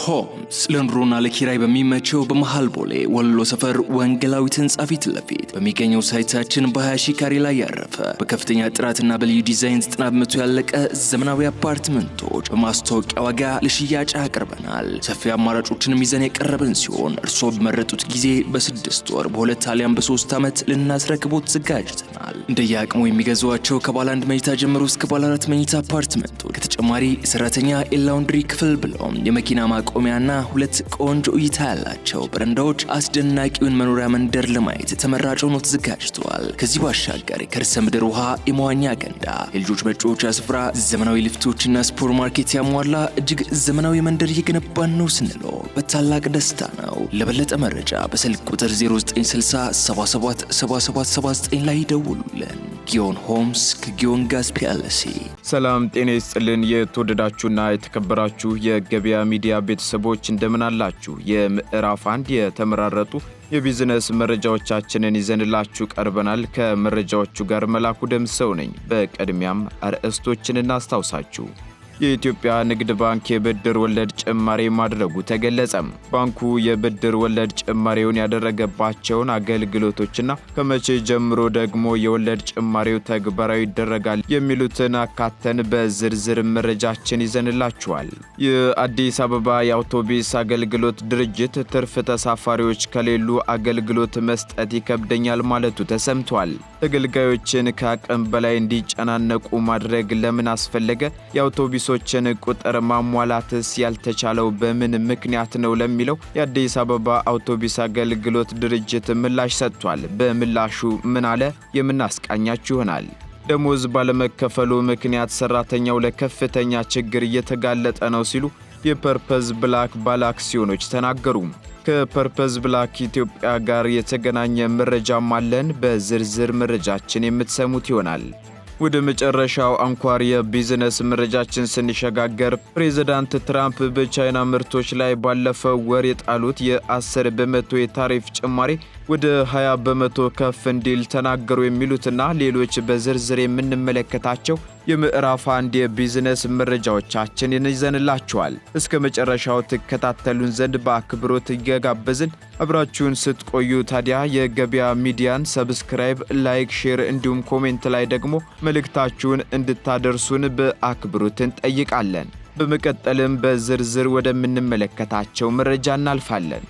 ሆምስ ለኑሮና ለኪራይ በሚመቸው በመሃል ቦሌ ወሎ ሰፈር ወንጌላዊት ህንፃ ፊት ለፊት በሚገኘው ሳይታችን በ20 ሺህ ካሬ ላይ ያረፈ በከፍተኛ ጥራትና በልዩ ዲዛይን ዘጠና በመቶ ያለቀ ዘመናዊ አፓርትመንቶች በማስታወቂያ ዋጋ ለሽያጭ አቅርበናል። ሰፊ አማራጮችን ይዘን የቀረብን ሲሆን እርስዎ በመረጡት ጊዜ በስድስት ወር በሁለት አሊያም በሶስት ዓመት ልናስረክቦት ተዘጋጅተናል። እንደየአቅሙ የሚገዟቸው ከባለ አንድ መኝታ ጀምሮ እስከ ባለ አራት መኝታ አፓርትመንቶች ከተጨማሪ ሰራተኛ የላውንድሪ ክፍል ብለውም የመኪና ማቆሚያና ሁለት ቆንጆ እይታ ያላቸው በረንዳዎች አስደናቂውን መኖሪያ መንደር ለማየት ተመራጭ ሆኖ ተዘጋጅተዋል። ከዚህ ባሻገር የከርሰ ምድር ውሃ፣ የመዋኛ ገንዳ፣ የልጆች መጫወቻ ስፍራ፣ ዘመናዊ ልፍቶችና ሱፐር ማርኬት ያሟላ እጅግ ዘመናዊ መንደር እየገነባን ነው ስንለው በታላቅ ደስታ ነው። ለበለጠ መረጃ በስልክ ቁጥር 0960 777779 ላይ ይደውሉልን። ጊዮን ሆምስ ከጊዮን ጋዝ ፒኤልሲ። ሰላም ጤና ይስጥልን። የተወደዳችሁና የተከበራችሁ የገበያ ሚዲያ ቤተሰቦች እንደምን አላችሁ? የምዕራፍ አንድ የተመራረጡ የቢዝነስ መረጃዎቻችንን ይዘንላችሁ ቀርበናል። ከመረጃዎቹ ጋር መላኩ ደምሰው ነኝ። በቅድሚያም አርዕስቶችን እናስታውሳችሁ። የኢትዮጵያ ንግድ ባንክ የብድር ወለድ ጭማሪ ማድረጉ ተገለጸ። ባንኩ የብድር ወለድ ጭማሪውን ያደረገባቸውን አገልግሎቶችና ከመቼ ጀምሮ ደግሞ የወለድ ጭማሪው ተግባራዊ ይደረጋል የሚሉትን አካተን በዝርዝር መረጃችን ይዘንላችኋል። የአዲስ አበባ የአውቶቡስ አገልግሎት ድርጅት ትርፍ ተሳፋሪዎች ከሌሉ አገልግሎት መስጠት ይከብደኛል ማለቱ ተሰምቷል። ተገልጋዮችን ከአቅም በላይ እንዲጨናነቁ ማድረግ ለምን አስፈለገ? የአውቶቡስ የፖሊሶችን ቁጥር ማሟላትስ ያልተቻለው በምን ምክንያት ነው ለሚለው የአዲስ አበባ አውቶቡስ አገልግሎት ድርጅት ምላሽ ሰጥቷል። በምላሹ ምን አለ? የምናስቃኛችሁ ይሆናል። ደሞዝ ባለመከፈሉ ምክንያት ሰራተኛው ለከፍተኛ ችግር እየተጋለጠ ነው ሲሉ የፐርፐዝ ብላክ አክሲዮኖች ተናገሩ። ከፐርፐዝ ብላክ ኢትዮጵያ ጋር የተገናኘ መረጃም አለን። በዝርዝር መረጃችን የምትሰሙት ይሆናል። ወደ መጨረሻው አንኳር የቢዝነስ መረጃችን ስንሸጋገር ፕሬዚዳንት ትራምፕ በቻይና ምርቶች ላይ ባለፈው ወር የጣሉት የ10 በመቶ የታሪፍ ጭማሪ ወደ 20 በመቶ ከፍ እንዲል ተናገሩ የሚሉትና ሌሎች በዝርዝር የምንመለከታቸው የምዕራፍ አንድ የቢዝነስ መረጃዎቻችን ይዘንላችኋል። እስከ መጨረሻው ትከታተሉን ዘንድ በአክብሮት እየጋበዝን አብራችሁን ስትቆዩ ታዲያ የገበያ ሚዲያን ሰብስክራይብ፣ ላይክ፣ ሼር እንዲሁም ኮሜንት ላይ ደግሞ መልእክታችሁን እንድታደርሱን በአክብሮት እንጠይቃለን። በመቀጠልም በዝርዝር ወደምንመለከታቸው መረጃ እናልፋለን።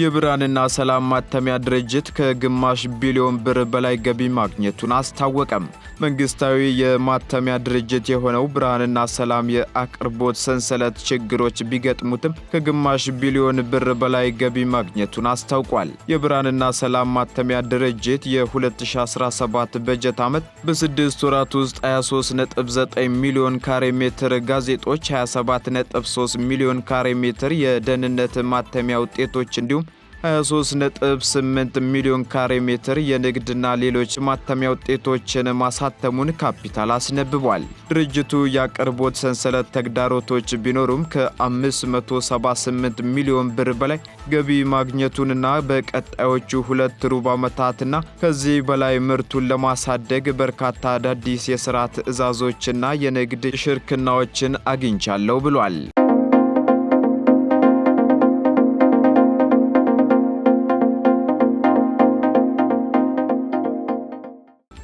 የብርሃንና ሰላም ማተሚያ ድርጅት ከግማሽ ቢሊዮን ብር በላይ ገቢ ማግኘቱን አስታወቀም። መንግስታዊ የማተሚያ ድርጅት የሆነው ብርሃንና ሰላም የአቅርቦት ሰንሰለት ችግሮች ቢገጥሙትም ከግማሽ ቢሊዮን ብር በላይ ገቢ ማግኘቱን አስታውቋል። የብርሃንና ሰላም ማተሚያ ድርጅት የ2017 በጀት ዓመት በስድስት ወራት ውስጥ 239 ሚሊዮን ካሬ ሜትር ጋዜጦች፣ 273 ሚሊዮን ካሬ ሜትር የደህንነት ማተሚያ ውጤቶች እንዲሁም 23.8 ሚሊዮን ካሬ ሜትር የንግድና ሌሎች ማተሚያ ውጤቶችን ማሳተሙን ካፒታል አስነብቧል። ድርጅቱ የአቅርቦት ሰንሰለት ተግዳሮቶች ቢኖሩም ከ578 ሚሊዮን ብር በላይ ገቢ ማግኘቱንና በቀጣዮቹ ሁለት ሩብ ዓመታትና ከዚህ በላይ ምርቱን ለማሳደግ በርካታ አዳዲስ የሥራ ትዕዛዞችና የንግድ ሽርክናዎችን አግኝቻለሁ ብሏል።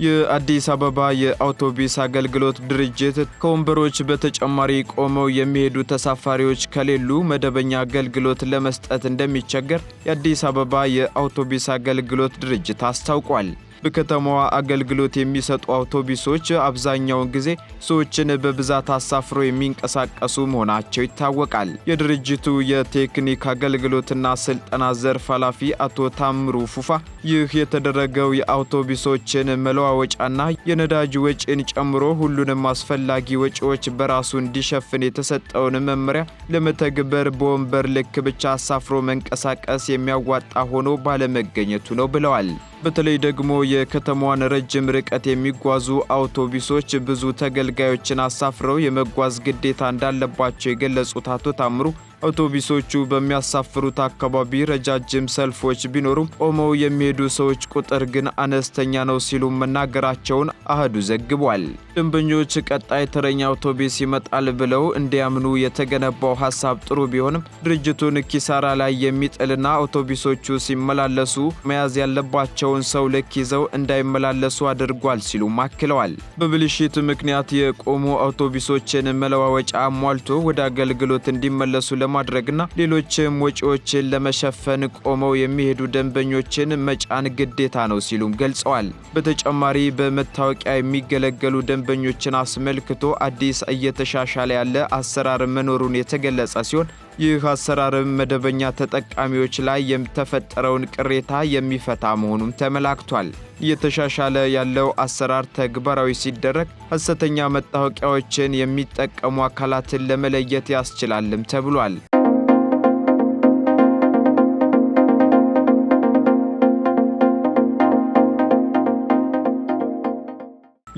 የአዲስ አበባ የአውቶቡስ አገልግሎት ድርጅት ከወንበሮች በተጨማሪ ቆመው የሚሄዱ ተሳፋሪዎች ከሌሉ መደበኛ አገልግሎት ለመስጠት እንደሚቸገር የአዲስ አበባ የአውቶቡስ አገልግሎት ድርጅት አስታውቋል። በከተማዋ አገልግሎት የሚሰጡ አውቶቡሶች አብዛኛውን ጊዜ ሰዎችን በብዛት አሳፍሮ የሚንቀሳቀሱ መሆናቸው ይታወቃል። የድርጅቱ የቴክኒክ አገልግሎትና ስልጠና ዘርፍ ኃላፊ አቶ ታምሩ ፉፋ ይህ የተደረገው የአውቶቡሶችን መለዋወጫና የነዳጅ ወጪን ጨምሮ ሁሉንም አስፈላጊ ወጪዎች በራሱ እንዲሸፍን የተሰጠውን መመሪያ ለመተግበር በወንበር ልክ ብቻ አሳፍሮ መንቀሳቀስ የሚያዋጣ ሆኖ ባለመገኘቱ ነው ብለዋል። በተለይ ደግሞ የከተማዋን ረጅም ርቀት የሚጓዙ አውቶቡሶች ብዙ ተገልጋዮችን አሳፍረው የመጓዝ ግዴታ እንዳለባቸው የገለጹት አቶ ታምሩ አውቶቡሶቹ በሚያሳፍሩት አካባቢ ረጃጅም ሰልፎች ቢኖሩም ቆመው የሚሄዱ ሰዎች ቁጥር ግን አነስተኛ ነው ሲሉ መናገራቸውን አህዱ ዘግቧል። ደንበኞች ቀጣይ ተረኛ አውቶቡስ ይመጣል ብለው እንዲያምኑ የተገነባው ሀሳብ ጥሩ ቢሆንም ድርጅቱን ኪሳራ ላይ የሚጥልና አውቶቡሶቹ ሲመላለሱ መያዝ ያለባቸውን ሰው ልክ ይዘው እንዳይመላለሱ አድርጓል ሲሉ አክለዋል። በብልሽት ምክንያት የቆሙ አውቶቡሶችን መለዋወጫ ሟልቶ ወደ አገልግሎት እንዲመለሱ ለማድረግና ሌሎችም ወጪዎችን ለመሸፈን ቆመው የሚሄዱ ደንበኞችን መጫን ግዴታ ነው ሲሉም ገልጸዋል። በተጨማሪ በመታወቂያ የሚገለገሉ ደንበ ደንበኞችን አስመልክቶ አዲስ እየተሻሻለ ያለ አሰራር መኖሩን የተገለጸ ሲሆን ይህ አሰራርም መደበኛ ተጠቃሚዎች ላይ የተፈጠረውን ቅሬታ የሚፈታ መሆኑም ተመላክቷል። እየተሻሻለ ያለው አሰራር ተግባራዊ ሲደረግ ሐሰተኛ መታወቂያዎችን የሚጠቀሙ አካላትን ለመለየት ያስችላልም ተብሏል።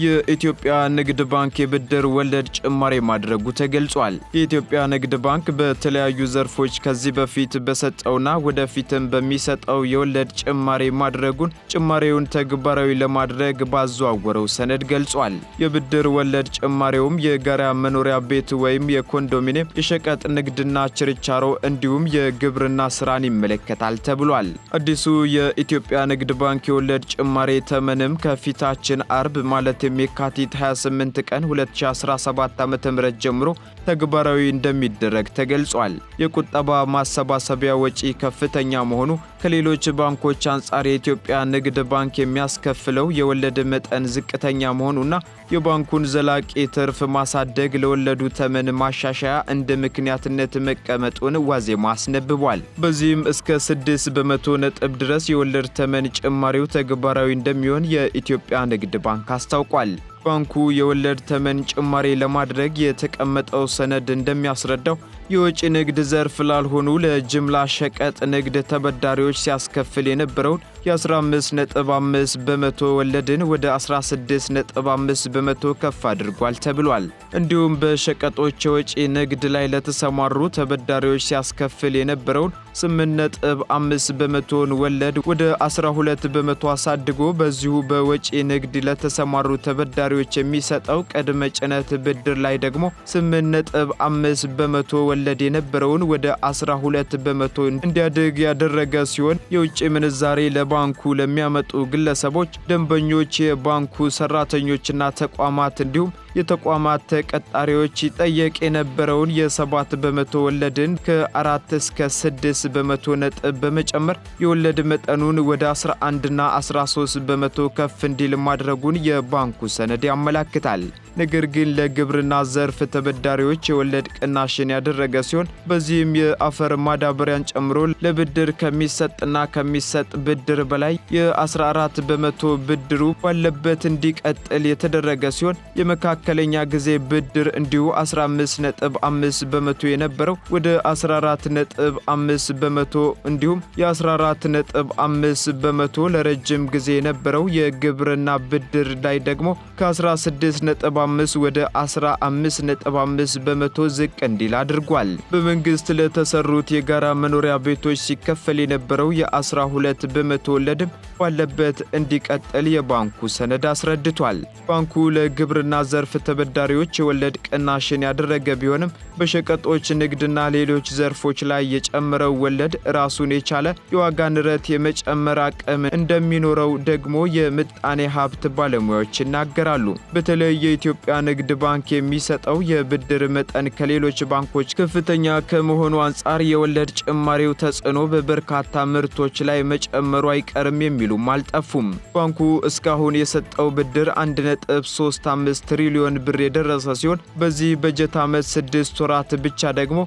የኢትዮጵያ ንግድ ባንክ የብድር ወለድ ጭማሪ ማድረጉ ተገልጿል። የኢትዮጵያ ንግድ ባንክ በተለያዩ ዘርፎች ከዚህ በፊት በሰጠውና ወደፊትም በሚሰጠው የወለድ ጭማሪ ማድረጉን ጭማሪውን ተግባራዊ ለማድረግ ባዘዋወረው ሰነድ ገልጿል። የብድር ወለድ ጭማሪውም የጋራ መኖሪያ ቤት ወይም የኮንዶሚኒየም፣ የሸቀጥ ንግድና ችርቻሮ እንዲሁም የግብርና ስራን ይመለከታል ተብሏል። አዲሱ የኢትዮጵያ ንግድ ባንክ የወለድ ጭማሪ ተመንም ከፊታችን አርብ ማለትም የካቲት 28 ቀን 2017 ም ጀምሮ ተግባራዊ እንደሚደረግ ተገልጿል። የቁጠባ ማሰባሰቢያ ወጪ ከፍተኛ መሆኑ ከሌሎች ባንኮች አንጻር የኢትዮጵያ ንግድ ባንክ የሚያስከፍለው የወለድ መጠን ዝቅተኛ መሆኑና የባንኩን ዘላቂ ትርፍ ማሳደግ ለወለዱ ተመን ማሻሻያ እንደ ምክንያትነት መቀመጡን ዋዜማ አስነብቧል። በዚህም እስከ 6 በመቶ ነጥብ ድረስ የወለድ ተመን ጭማሪው ተግባራዊ እንደሚሆን የኢትዮጵያ ንግድ ባንክ አስታውቋል። ባንኩ የወለድ ተመን ጭማሪ ለማድረግ የተቀመጠው ሰነድ እንደሚያስረዳው የወጪ ንግድ ዘርፍ ላልሆኑ ለጅምላ ሸቀጥ ንግድ ተበዳሪዎች ሲያስከፍል የነበረውን የ15.5 በመቶ ወለድን ወደ 16.5 በመቶ ከፍ አድርጓል ተብሏል። እንዲሁም በሸቀጦች የወጪ ንግድ ላይ ለተሰማሩ ተበዳሪዎች ሲያስከፍል የነበረውን 8.5 በመቶን ወለድ ወደ 12 በመቶ አሳድጎ በዚሁ በወጪ ንግድ ለተሰማሩ ተበዳሪዎች የሚሰጠው ቅድመ ጭነት ብድር ላይ ደግሞ 8.5 በመቶ ወለድ የነበረውን ወደ 12 በመቶ እንዲያድግ ያደረገ ሲሆን የውጭ ምንዛሬ ለ ባንኩ ለሚያመጡ ግለሰቦች፣ ደንበኞች፣ የባንኩ ሰራተኞችና ተቋማት እንዲሁም የተቋማት ተቀጣሪዎች ይጠየቅ የነበረውን የሰባት በመቶ ወለድን ከአራት እስከ ስድስት በመቶ ነጥብ በመጨመር የወለድ መጠኑን ወደ 11ና 13 በመቶ ከፍ እንዲል ማድረጉን የባንኩ ሰነድ ያመላክታል። ነገር ግን ለግብርና ዘርፍ ተበዳሪዎች የወለድ ቅናሽን ያደረገ ሲሆን በዚህም የአፈር ማዳበሪያን ጨምሮ ለብድር ከሚሰጥና ከሚሰጥ ብድር በላይ የ14 በመቶ ብድሩ ባለበት እንዲቀጥል የተደረገ ሲሆን የመካ መካከለኛ ጊዜ ብድር እንዲሁ 15.5 በመቶ የነበረው ወደ 14.5 በመቶ እንዲሁም የ14.5 በመቶ ለረጅም ጊዜ የነበረው የግብርና ብድር ላይ ደግሞ ከ16.5 ወደ 15.5 በመቶ ዝቅ እንዲል አድርጓል። በመንግስት ለተሰሩት የጋራ መኖሪያ ቤቶች ሲከፈል የነበረው የ12 በመቶ ወለድም ባለበት እንዲቀጥል የባንኩ ሰነድ አስረድቷል። ባንኩ ለግብርና ዘርፍ ዘርፍ ተበዳሪዎች የወለድ ቅናሽን ያደረገ ቢሆንም በሸቀጦች ንግድና ሌሎች ዘርፎች ላይ የጨመረው ወለድ ራሱን የቻለ የዋጋ ንረት የመጨመር አቅም እንደሚኖረው ደግሞ የምጣኔ ሀብት ባለሙያዎች ይናገራሉ። በተለይ የኢትዮጵያ ንግድ ባንክ የሚሰጠው የብድር መጠን ከሌሎች ባንኮች ከፍተኛ ከመሆኑ አንጻር የወለድ ጭማሪው ተጽዕኖ በበርካታ ምርቶች ላይ መጨመሩ አይቀርም የሚሉም አልጠፉም። ባንኩ እስካሁን የሰጠው ብድር 1.35 ትሪሊዮን ሚሊዮን ብር የደረሰ ሲሆን በዚህ በጀት ዓመት ስድስት ወራት ብቻ ደግሞ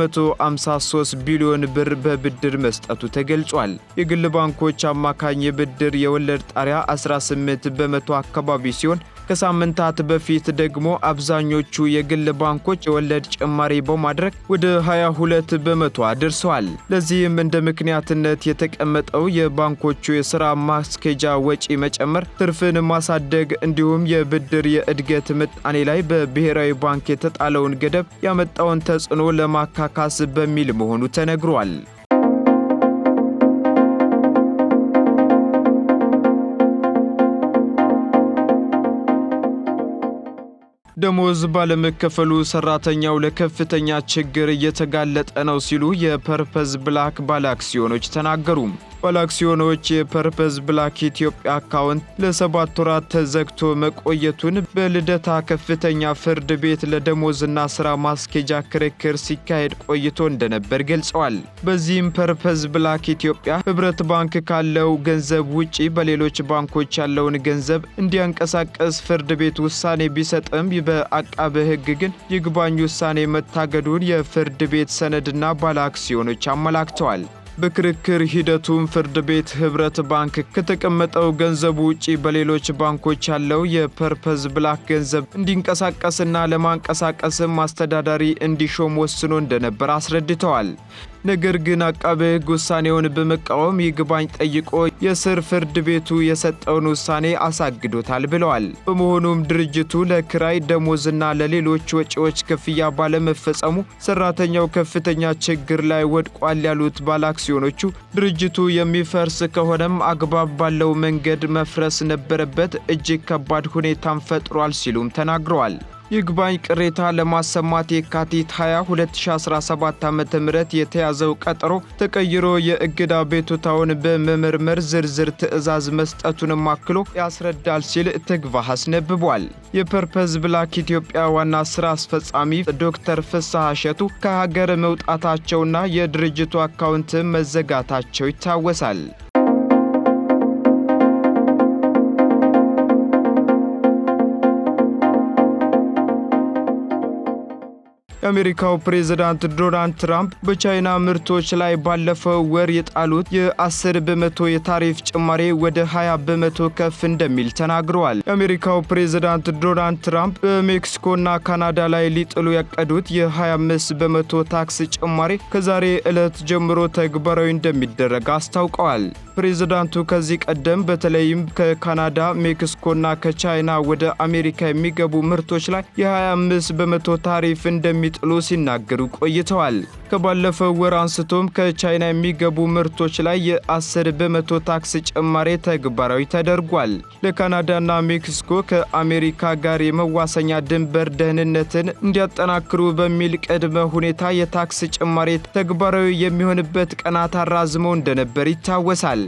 153 ቢሊዮን ብር በብድር መስጠቱ ተገልጿል። የግል ባንኮች አማካኝ የብድር የወለድ ጣሪያ 18 በመቶ አካባቢ ሲሆን ከሳምንታት በፊት ደግሞ አብዛኞቹ የግል ባንኮች የወለድ ጭማሪ በማድረግ ወደ 22 በመቶ አድርሰዋል። ለዚህም እንደ ምክንያትነት የተቀመጠው የባንኮቹ የሥራ ማስኬጃ ወጪ መጨመር፣ ትርፍን ማሳደግ እንዲሁም የብድር የእድገት ምጣኔ ላይ በብሔራዊ ባንክ የተጣለውን ገደብ ያመጣውን ተጽዕኖ ለማካካስ በሚል መሆኑ ተነግሯል። ደሞዝ ባለመከፈሉ ሰራተኛው ለከፍተኛ ችግር እየተጋለጠ ነው ሲሉ የፐርፐዝ ብላክ ባለአክሲዮኖች ተናገሩ። ባለአክሲዮኖች የፐርፐዝ ብላክ ኢትዮጵያ አካውንት ለሰባት ወራት ተዘግቶ መቆየቱን በልደታ ከፍተኛ ፍርድ ቤት ለደሞዝና ስራ ማስኬጃ ክርክር ሲካሄድ ቆይቶ እንደነበር ገልጸዋል። በዚህም ፐርፐዝ ብላክ ኢትዮጵያ ህብረት ባንክ ካለው ገንዘብ ውጪ በሌሎች ባንኮች ያለውን ገንዘብ እንዲያንቀሳቀስ ፍርድ ቤት ውሳኔ ቢሰጥም በአቃበ ህግ ግን ይግባኝ ውሳኔ መታገዱን የፍርድ ቤት ሰነድና ባለአክሲዮኖች አመላክተዋል። በክርክር ሂደቱም ፍርድ ቤት ህብረት ባንክ ከተቀመጠው ገንዘብ ውጪ በሌሎች ባንኮች ያለው የፐርፐዝ ብላክ ገንዘብ እንዲንቀሳቀስና ለማንቀሳቀስም አስተዳዳሪ እንዲሾም ወስኖ እንደነበር አስረድተዋል። ነገር ግን አቃቤ ሕግ ውሳኔውን በመቃወም ይግባኝ ጠይቆ የስር ፍርድ ቤቱ የሰጠውን ውሳኔ አሳግዶታል ብለዋል። በመሆኑም ድርጅቱ ለክራይ ደሞዝና ለሌሎች ወጪዎች ክፍያ ባለመፈጸሙ ሰራተኛው ከፍተኛ ችግር ላይ ወድቋል ያሉት ባለአክሲዮኖቹ ድርጅቱ የሚፈርስ ከሆነም አግባብ ባለው መንገድ መፍረስ ነበረበት፣ እጅግ ከባድ ሁኔታም ፈጥሯል ሲሉም ተናግረዋል። ይግባኝ ቅሬታ ለማሰማት የካቲት 20 2017 ዓ ም የተያዘው ቀጠሮ ተቀይሮ የእግድ አቤቱታውን በመመርመር ዝርዝር ትዕዛዝ መስጠቱንም አክሎ ያስረዳል ሲል ትግባህ አስነብቧል። የፐርፐዝ ብላክ ኢትዮጵያ ዋና ስራ አስፈጻሚ ዶክተር ፍስሐ እሸቱ ከሀገር መውጣታቸውና የድርጅቱ አካውንት መዘጋታቸው ይታወሳል። የአሜሪካው ፕሬዝዳንት ዶናልድ ትራምፕ በቻይና ምርቶች ላይ ባለፈው ወር የጣሉት የ10 በመቶ የታሪፍ ጭማሪ ወደ 20 በመቶ ከፍ እንደሚል ተናግረዋል። የአሜሪካው ፕሬዝዳንት ዶናልድ ትራምፕ በሜክሲኮና ካናዳ ላይ ሊጥሉ ያቀዱት የ25 በመቶ ታክስ ጭማሪ ከዛሬ ዕለት ጀምሮ ተግባራዊ እንደሚደረግ አስታውቀዋል። ፕሬዝዳንቱ ከዚህ ቀደም በተለይም ከካናዳ፣ ሜክሲኮና ከቻይና ወደ አሜሪካ የሚገቡ ምርቶች ላይ የ25 በመቶ ታሪፍ እንደሚጥሉ ሲናገሩ ቆይተዋል። ከባለፈው ወር አንስቶም ከቻይና የሚገቡ ምርቶች ላይ የ10 በመቶ ታክስ ጭማሪ ተግባራዊ ተደርጓል። ለካናዳና ሜክሲኮ ከአሜሪካ ጋር የመዋሰኛ ድንበር ደህንነትን እንዲያጠናክሩ በሚል ቅድመ ሁኔታ የታክስ ጭማሪ ተግባራዊ የሚሆንበት ቀናት አራዝሞ እንደነበር ይታወሳል።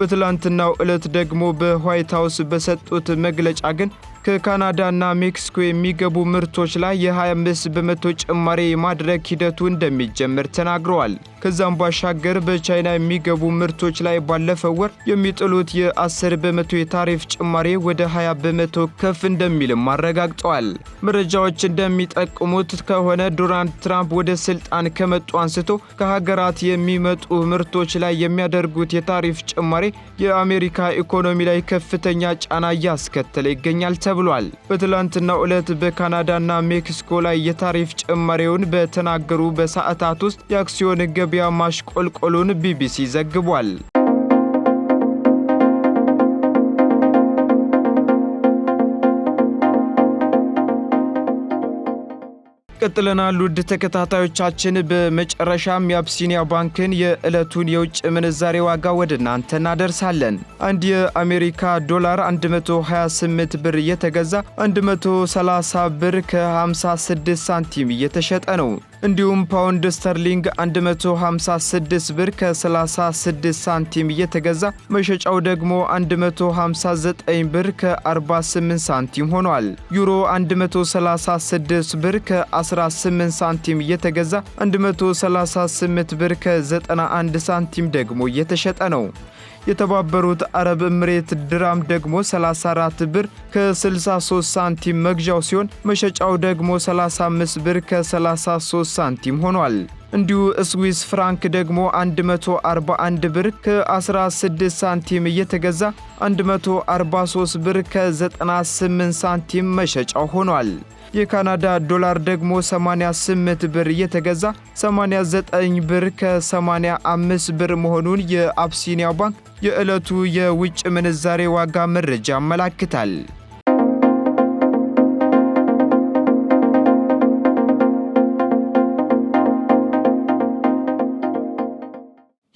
በትላንትናው ዕለት ደግሞ በዋይት ሀውስ በሰጡት መግለጫ ግን ከካናዳና ሜክሲኮ የሚገቡ ምርቶች ላይ የ25 በመቶ ጭማሪ የማድረግ ሂደቱ እንደሚጀምር ተናግረዋል። ከዛም ባሻገር በቻይና የሚገቡ ምርቶች ላይ ባለፈው ወር የሚጥሉት የ10 በመቶ የታሪፍ ጭማሪ ወደ 20 በመቶ ከፍ እንደሚልም አረጋግጠዋል። መረጃዎች እንደሚጠቁሙት ከሆነ ዶናልድ ትራምፕ ወደ ስልጣን ከመጡ አንስቶ ከሀገራት የሚመጡ ምርቶች ላይ የሚያደርጉት የታሪፍ ጭማሪ የአሜሪካ ኢኮኖሚ ላይ ከፍተኛ ጫና እያስከተለ ይገኛል። ተብሏል። በትላንትናው ዕለት በካናዳና ሜክሲኮ ላይ የታሪፍ ጭማሪውን በተናገሩ በሰዓታት ውስጥ የአክሲዮን ገበያ ማሽቆልቆሉን ቢቢሲ ዘግቧል። ቀጥለናል ውድ ተከታታዮቻችን። በመጨረሻም የአብሲኒያ ባንክን የዕለቱን የውጭ ምንዛሬ ዋጋ ወደ እናንተ እናደርሳለን። አንድ የአሜሪካ ዶላር 128 ብር እየተገዛ 130 ብር ከ56 ሳንቲም እየተሸጠ ነው። እንዲሁም ፓውንድ ስተርሊንግ 156 ብር ከ36 ሳንቲም እየተገዛ መሸጫው ደግሞ 159 ብር ከ48 ሳንቲም ሆኗል። ዩሮ 136 ብር ከ18 ሳንቲም እየተገዛ 138 ብር ከ91 ሳንቲም ደግሞ እየተሸጠ ነው። የተባበሩት አረብ እምሬት ድራም ደግሞ 34 ብር ከ63 ሳንቲም መግዣው ሲሆን መሸጫው ደግሞ 35 ብር ከ33 ሳንቲም ሆኗል። እንዲሁ ስዊስ ፍራንክ ደግሞ 141 ብር ከ16 ሳንቲም እየተገዛ 143 ብር ከ98 ሳንቲም መሸጫው ሆኗል። የካናዳ ዶላር ደግሞ 88 ብር እየተገዛ 89 ብር ከ85 ብር መሆኑን የአብሲኒያ ባንክ የዕለቱ የውጭ ምንዛሬ ዋጋ መረጃ ያመላክታል።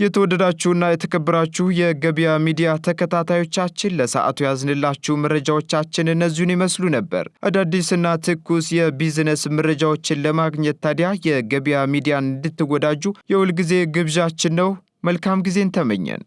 የተወደዳችሁና የተከበራችሁ የገበያ ሚዲያ ተከታታዮቻችን ለሰዓቱ ያዝንላችሁ መረጃዎቻችን እነዚሁን ይመስሉ ነበር። አዳዲስና ትኩስ የቢዝነስ መረጃዎችን ለማግኘት ታዲያ የገበያ ሚዲያን እንድትወዳጁ የሁልጊዜ ግብዣችን ነው። መልካም ጊዜን ተመኘን።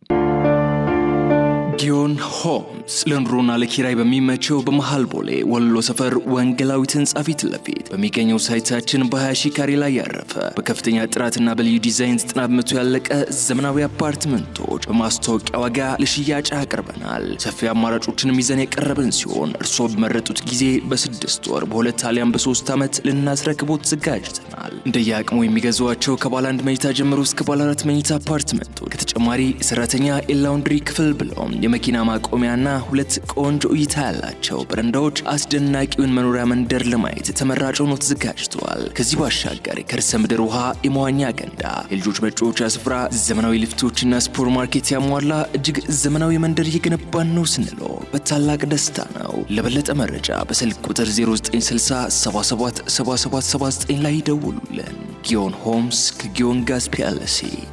ጊዮን ሆምስ ለኑሮና ለኪራይ በሚመቸው በመሃል ቦሌ ወሎ ሰፈር ወንጌላዊት ህንፃ ፊት ለፊት በሚገኘው ሳይታችን በ20 ሺህ ካሬ ላይ ያረፈ በከፍተኛ ጥራትና በልዩ ዲዛይን 90 በመቶ ያለቀ ዘመናዊ አፓርትመንቶች በማስታወቂያ ዋጋ ለሽያጭ አቅርበናል። ሰፊ አማራጮችን ይዘን የቀረብን ሲሆን እርስዎ በመረጡት ጊዜ በስድስት ወር በሁለት አሊያም በሶስት ዓመት ልናስረክቦት ተዘጋጅተናል። እንደየአቅሙ የሚገዟቸው ከባለ አንድ መኝታ ጀምሮ እስከ ባለ አራት መኝታ አፓርትመንቶች ከተጨማሪ ሰራተኛ የላውንድሪ ክፍል ብለውም የመኪና ማቆሚያና ሁለት ቆንጆ እይታ ያላቸው በረንዳዎች አስደናቂውን መኖሪያ መንደር ለማየት ተመራጭ ሆኖ ተዘጋጅተዋል። ከዚህ ባሻገር የከርሰ ምድር ውሃ፣ የመዋኛ ገንዳ፣ የልጆች መጫወቻ ስፍራ፣ ዘመናዊ ልፍቶችና ሱፐር ማርኬት ያሟላ እጅግ ዘመናዊ መንደር እየገነባን ነው ስንለው በታላቅ ደስታ ነው። ለበለጠ መረጃ በስልክ ቁጥር 0960 777779 ላይ ይደውሉልን። ጊዮን ሆምስ ከጊዮን ጋዝ